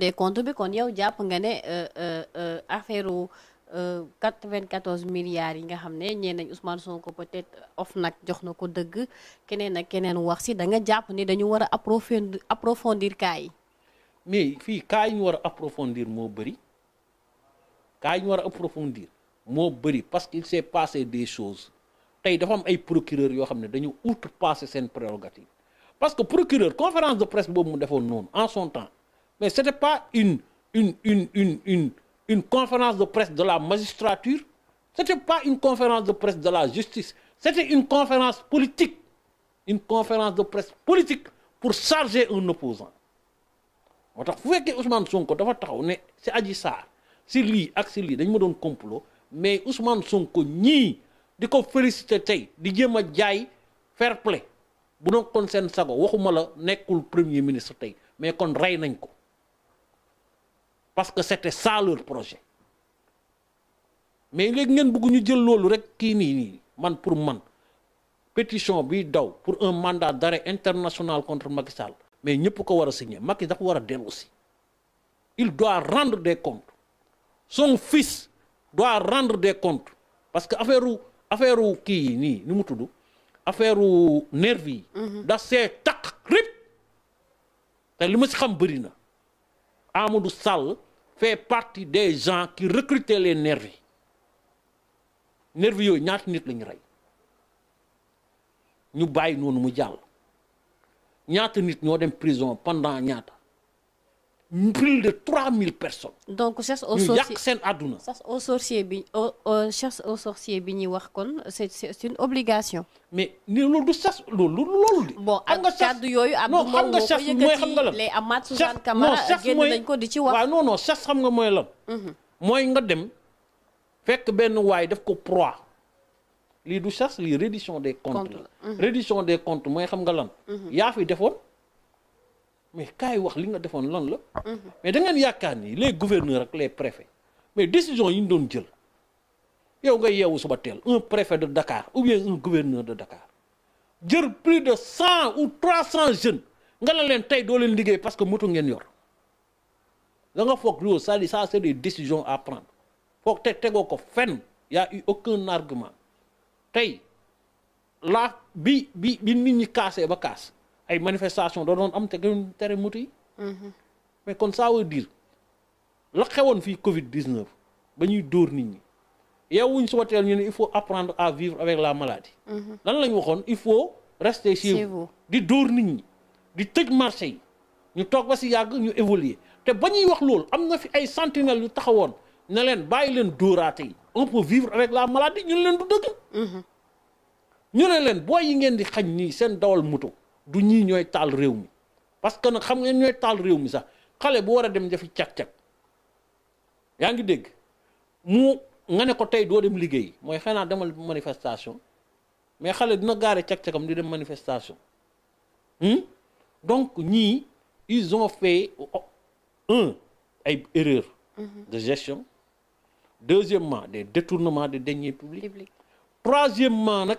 des comptes bi kon yow jàpp nga ne euh, euh, euh, affaire u 94 milliards yi nga xam ne ñeenañ nañ Ousmane Sonko peut-être nag jox na ko dëgg keneen ak keneen wax si da nga jàpp ni dañu war a approfondir approfondir cas yi fii cas war a approfondir moo bëri cas ñu war a approfondir moo bëri parce que qu'il s'est passé des choses tey dafa am ay procureur yoo xam ne dañu outrepassé seen prérogative parce que procureur conférence de presse boobu mu defoon noonu en son temps mais c'était pas une une une une une une conférence de presse de la magistrature c'était pas une conférence de presse de la justice c'était une conférence politique une conférence de presse politique pour charger un opposant moo tax fu fekkee Ousmane Sonko dafa taxaw ne si Adji Sarr si lii ak si lii dañ ma doon complot mais Ousmane Sonko ñii di ko félicité tey di jéem a jaay fair play bu doon kon seen sago waxuma la nekkul premier ministre tey mais kon rey nañ ko parce que c'était ça projet mais léegi ngeen bëgg ñu jël loolu rek kii nii nii man pour man pétition bi daw pour un mandat d'arrêt international contre Macky mais ñëpp ko war a signer Macky dafa war a dellu il doit rendre des comptes son fils doit rendre des comptes parce que affaire wu affaire wu kii yi nii nu mu tudd affaire wu nervi yi mhm. da see taq rip te li ma si xam bëri na Amadou Sall fait partie des gens qui recrutaient les nervis nervis yooyu ñaata nit lañu ñu rey ñu bàyyi noonu mu jàll ñaata nit ñoo dem prison pendant ñaata plus de 3000 personnes. donc chasse aux sorciers seen àdduna. chasse aux bi chasse aux bi ñuy wax kon c'est c'est une obligation. mais ni loolu du chasse loolu loolu de. bon ak kàddu yooyu ab du moom moo ko yëkkati les Amath Suzanne Camara génn nañ ko di ci wax. waaw non xam nga mooy mhm. mooy nga dem fekk benn waay def ko proie. lii du chasse lii reddition des comptes la. Mhm. des comptes mooy xam nga lan. Mhm. yaa fi defoon. mais kaay wax li nga defoon lan la. Ah. Mhm. mais da ngeen yaakaar ni les gouverneurs ak les préfets mais décision yi ñu doon jël yow nga yeewu suba teel un préfet de Dakar ou bien un gouverneur de Dakar jër plus de cent ou trois cent jeunes nga la leen tey doo leen liggéey parce que moto ngeen yor da nga foog loolu c'est-à-dire ça c'est des décisions à prendre foog te tegoo ko fenn yaa a eu aucun argument tey la bi bi bi nit ñi kaasee ba kaas. ay manifestation doo doon am te gën tere moto yi mhm. mais kon ça veut dire la xewoon fii covid 19 ba ñuy dóor nit ñi yow wuñ suba teel ñu ne il faut apprendre à vivre avec la maladie mhm. lan la ñu waxoon il faut rester chez vous di dóor nit ñi di tëj marché yi ñu toog ba si yàgg ñu évoluer te ba ñuy wax loolu am na fi ay sentinelles yu taxawoon ne leen bàyyi leen dóoraate yi on peut vivre avec la maladie ñu ne leen du dëgg mhm. ñu ne leen booy yi ngeen di xañ nii seen dawal moto du ñii ñooy taal réew mi parce que nag xam nga ñooy taal réew mi sax xale bu war a dem jafi cag-cag yaa ngi dégg mu nga ne ko tey doo dem liggéey mooy xanaa demal manifestation mais xale dina gaare cag-cagam di dem manifestation hmm? donc ñii ils ont fait un ay erreur mhm. de gestion deuxièmement des détournements de deniers publics troisièmement nag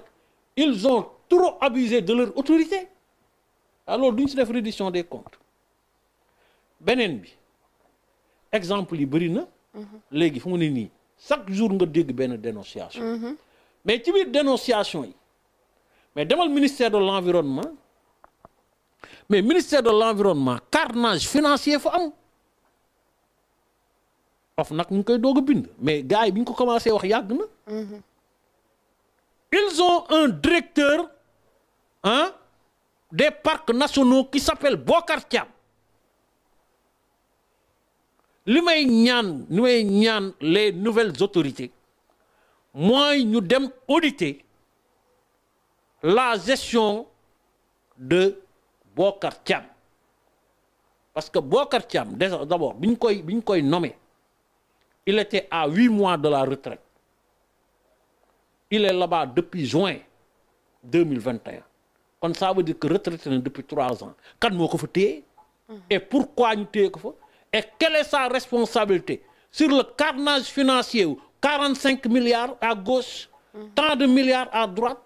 ils on trop abusé de leur autorité alors duñ si def reddition des comptes beneen bi exemple yi bëri na. léegi fu mu ne nii chaque jour nga dégg benn dénonciation. mais ci biir dénonciation yi mais demal ministère de l'environnement mais ministère de l'environnement carnage financier fa am. of nag ñu koy doog a bind mais gars yi bi ñu ko commencé wax yàgg na. Mhm. ils ont un directeur ah. des parcs nationaux qui s'appelle Bokar Thiam li may ñaan li may ñaan les nouvelles autorité mooy ñu dem audité la gestion de Bokar Thiam parce que Bokar Thiam d'abord bi ñu koy bi ñu koy nommé il était à huit mois de la retraite il est là depuis juin deux mille vingt kon ça veut dire que retraité na depuis trois ans kan moo ko fa téye. Mhm. et pourquoi ñu téye ko fa. et quelle est sa responsabilité sur le carnage financier wu quarante cinq milliards à gauche. Mhm. tant de milliards à droite.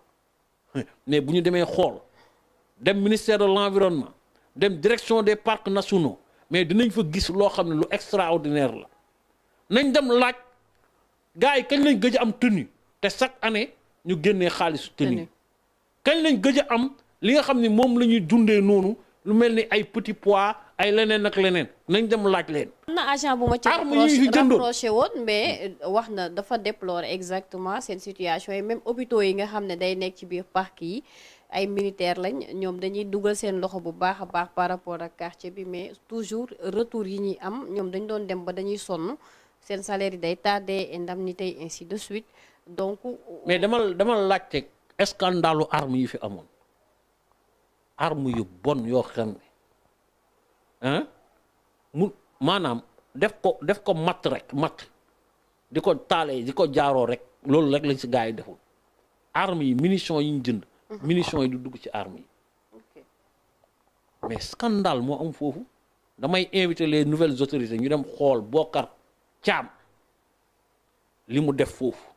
mais bu ñu demee xool dem ministère de l'environnement dem direction des parcs nationaux mais dinañ fa gis loo xam ne lu extraordinaire la nañ dem laaj gars yi kañ lañ gëj am tenue te chaque année ñu génnee xaalisu tenue kañ lañ gëj am li nga xam ni moom la ñuy dundee noonu lu mel ni ay petit pois ay leneen ak leneen nañ dem laaj leen. am na agent bu ma ci rapproché woon mais euh, wax na dafa déplorer exactement seen situation yi même hôpitaux yi nga xam ne day nekk ci biir parc yi ay militaire lañ ñoom dañuy dugal seen loxo bu baax a baax par rapport ak quartier bi mais toujours retour yi ñuy am ñoom dañu doon dem ba dañuy sonn seen day salaire yi day ni tey ainsi de suite donc. mais dama dama laajte scandalu armes yi fi amoon. arme yu bon yoo xam ne mu maanaam def ko def ko matt rek matt di ko taalee di ko jaaroo rek loolu rek lañ si gars yi deful arme yi munitions yi ñu jënd mhm. munitions yi du dugg ci arme yi mais scandale moo am foofu damay inviter les nouvelles autorités ñu dem xool Bocar caam li mu def foofu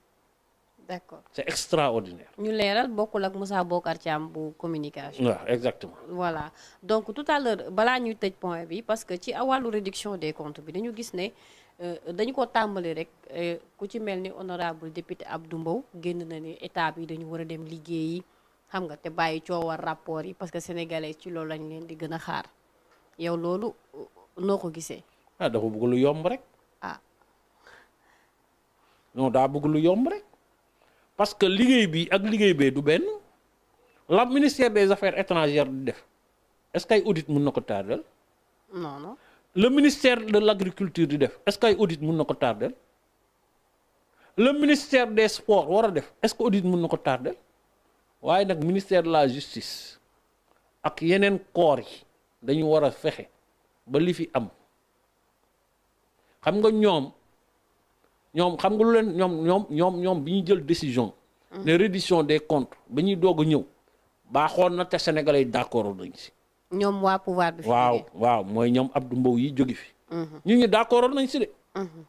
d'accord c'est extraordinaire. ñu leeral bokkul ak Moussa Bokar Thiam bu communication. waaw exactement. voilà donc tout à l'heure balaa ñuy tëj point bi parce que ci wàllu réduction des comptes bi dañu gis ne euh, dañu ko tàmbali rek euh, ku ci mel ni honorable député Abdou Mbow génn na ni état bi dañu war a dem liggéeyi xam nga te bàyyi coowal rapport yi parce que sénégalais ci loolu lañ leen di gën a xaar yow loolu euh, noo ko gisee. ah dafa bëgg lu yomb rek. ah. lu yomb rek. parce que liggéey bi ak liggéey bee du benn la ministère des affaires étrangères di def est-ce que ay audit mun na ko tardel non le ministère de l'agriculture di def est-ce que audit mun na ko tardel le ministère des sports war a def est audit mun na ko tardel waaye nag ministère de la justice ak yeneen corps yi dañu war a fexe ba li fi am xam nga ñoom ñoom xam nga lu leen ñoom ñoom ñoom ñoom bi ñu jël décision. Mm. ne reddition des comptes ba ñuy doog a ñëw baaxoon na te sénégalais yi d' accord nañ si. ñoom waa pouvoir bi. waaw waaw mooy ñoom ab Abdou Mbow yi jóge fi. ñu ñu d' nañ si de. Mm-hmm.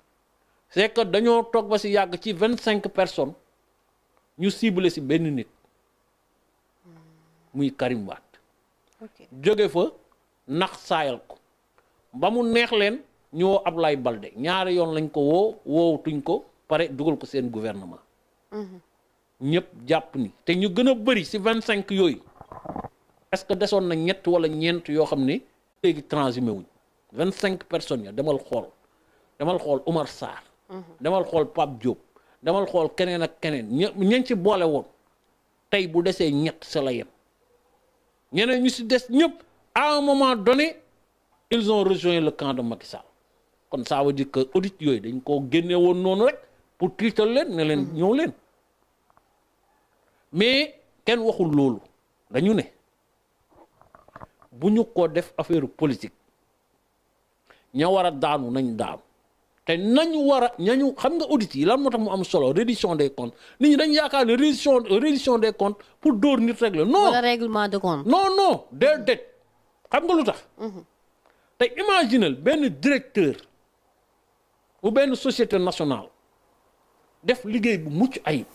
c' que dañoo toog ba si yàgg ci vingt cinq personne ñu ciblé si benn nit muy Karim Wade. jóge fa nax saayal ko ba mu neex leen. ñu ab Abdoulaye Balde ñaari yoon lañ ko woo woowutuñ ko pare dugal ko seen gouvernement. Mhm. ñëpp jàpp ni te ñu gën a bëri si vingt cinq yooyu est-ce que desoon na ñett wala ñeent yoo xam ne léegi transhumé wuñ vingt cinq personnes ya demal xool demal xool Umar Sarr. Mhm. demal xool Pape Diop demal xool keneen ak keneen ña ñañ ci boole woon tey bu desee ñett sa la yem ñeneen ñu si des ñëpp à un moment donné ils ont rejoint le camp de Macky kon ça veut dire que audit yooyu dañ koo génne woon noonu rek pour tiital leen ne leen ñëw leen mais kenn waxul loolu dañu ne bu ñu ko def affaire politique ña war a daanu nañ daanu te nañu war a ñañu xam nga audit yi lan moo tax mu am solo reddition des comptes nit ñi dañ yaakaar ne reddition reddition des comptes pour dóor nit rek la non wala règlement de compte non non déedéet xam nga lu tax mhm. te imaginal benn directeur bu benn société nationale def liggéey bu mucc ayib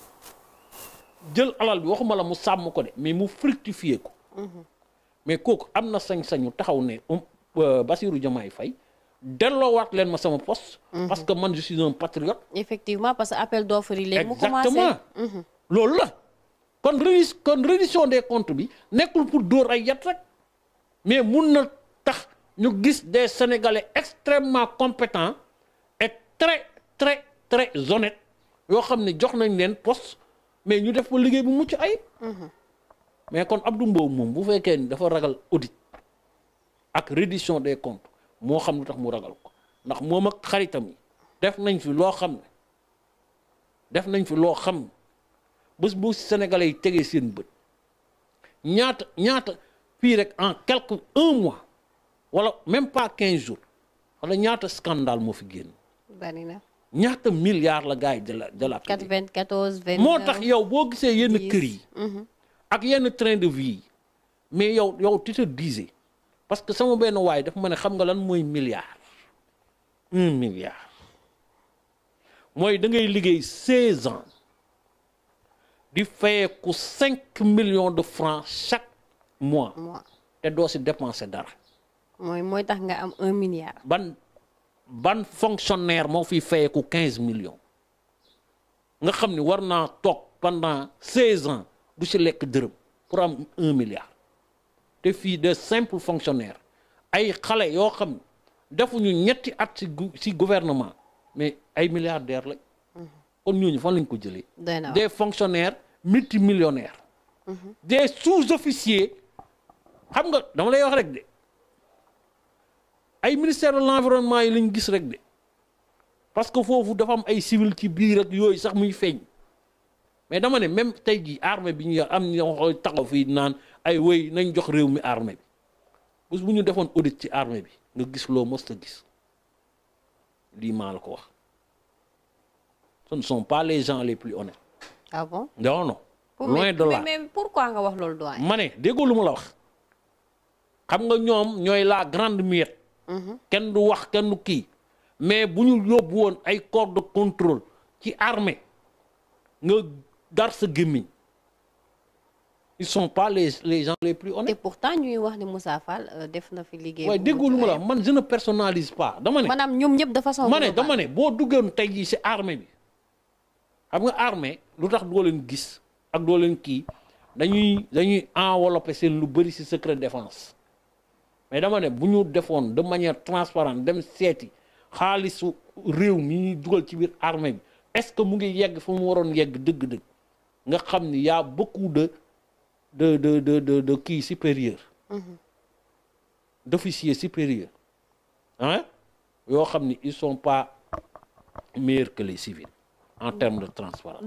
jël alal bi waxuma la mu sàmm ko de mais mu fructifier ko. Mhm. mais kooku am na sañ-sañu taxaw ne um, euh, Bassirou fay Faye delloowaat leen ma sama post mhm. parce que man je suis un effectivement parce que appel d'offre yi léegi mu commencé exactement. Mhm. loolu la kon redis kon reddition des comptes bi nekkul pour dóor ay yat rek mais mun na tax ñu gis des sénégalais extrêmement compétents. très très très honnêtes yoo xam ne jox nañ leen post mais ñu def ko liggéey bu mucc ay mm-hmm. mais kon Abdou Mbow moom bu fekkee ni dafa ragal audit ak reddition des comptes moo xam lu tax mu ragal ko ndax moom ak xaritam yi def nañ fi loo xam def nañ fi loo xam ne bés bu Sénégalais yi tegee seen bët ñaata ñaata fii rek en quelque un mois wala même pas quinze jours wala ñaata scandale moo fi génn. bari na ñaata milliards la gars yi de la de la. 94 29 moo tax yow boo gisee yenn kër yi. Mhm. ak yenn train de vie yi mais yow yow tu te disais parce que sama benn waay dafa ma ne xam nga lan mooy milliard un mooy da ngay liggéey 16 ans di fayeeku 5 millions de francs chaque mois. te doo si dépenser dara. mooy mooy tax nga am un milliard. ban fonctionnaire moo fi fayeeku quinze millions nga xam ni war naa toog pandant seize ans du si lekk dërëm pour am un milliard te fii de simple fonctionnaire ay xale yoo xam ne defuñu ñetti at ci ci gouvernement mais ay milliardaire lañ mhm. kon ñooñu fan lañ ko jëlee des fonctionnaires multimillionnaires mhm. des sous-officiers xam nga dama lay wax rek ay ministère de l'environnement yi lañ gis rek de parce que foofu dafa am ay civil ci biir ak yooyu sax muy feeñ mais dama ne même tey jii armée bi ñu am ñoo taxaw fii naan ay woy nañ jox réew mi armée bi bés bu ñu defoon audit ci armée bi nga gis loo most a gis lii maa la ko wax ce ne sont pas les gens les plus honnêtes. Ah non loin de mais pourquoi nga wax loolu doyen. ma ne déggoo lu ma la wax xam nga ñoom ñooy la grande miette. kenn du wax kenn du kii mais bu ñu yóbbu woon ay corps de contrôle ci armée nga gar sa gémmiñ il sont pas les les gens les plus honnêtes. et pourtant ñuy wax ne Moussa Fall euh, def na fi liggéey. waaye déggoo lu ma la man je ne personnalise pas dama ne. maanaam ñoom ñëpp de façon. ma ne dama ne boo duggoon tey jii si armée bi xam nga armée lu tax doo leen gis ak doo leen kii dañuy dañuy enveloppé seen lu bëri si secret défense. mais dama ne bu ñu defoon de manière transparente dem seeti xaalisu réew mi ñuy dugal ci biir armée bi est-ce que mu ngi yegg fu mu waroon yegg dëgg-dëgg nga xam ni yaa beaucoup de de de de de kii supérieur mhm. d'officier supérieur ah yoo xam ni ils sont pas meilleurs que les en termes de transparence